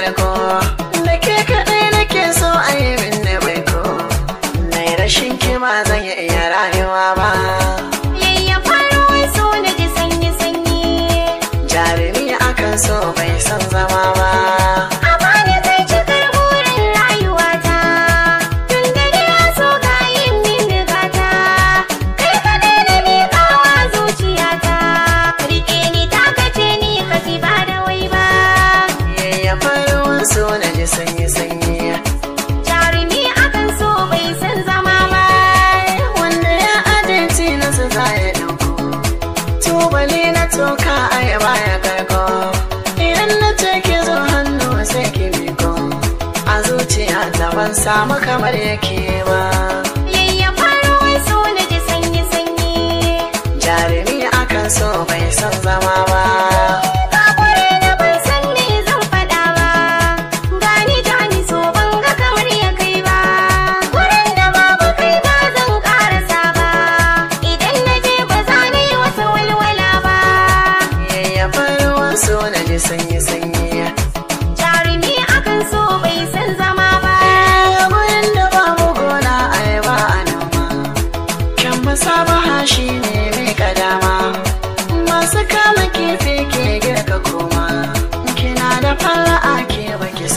tarko da ke kaɗai nake so a yi min da baiko na rashin kima zan iya rayuwa ba yayyafa wai so na ji sanyi-sanyi jarumi akan so bai san zama ba ban samu kamar yake ba. so bai san zama ba Kakure da ban san ne zan faɗa ba Gani ni ta so ban ga kamar ya kai ba Wurin da babu kai ba zan ƙarasa ba Idan naje je ba za ni wata walwala ba Yayyafar wasu na ji sanyi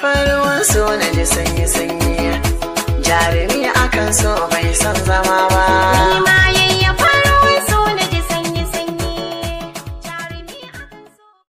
faruwan so na ji sanyi-sanyi jarumi akan so bai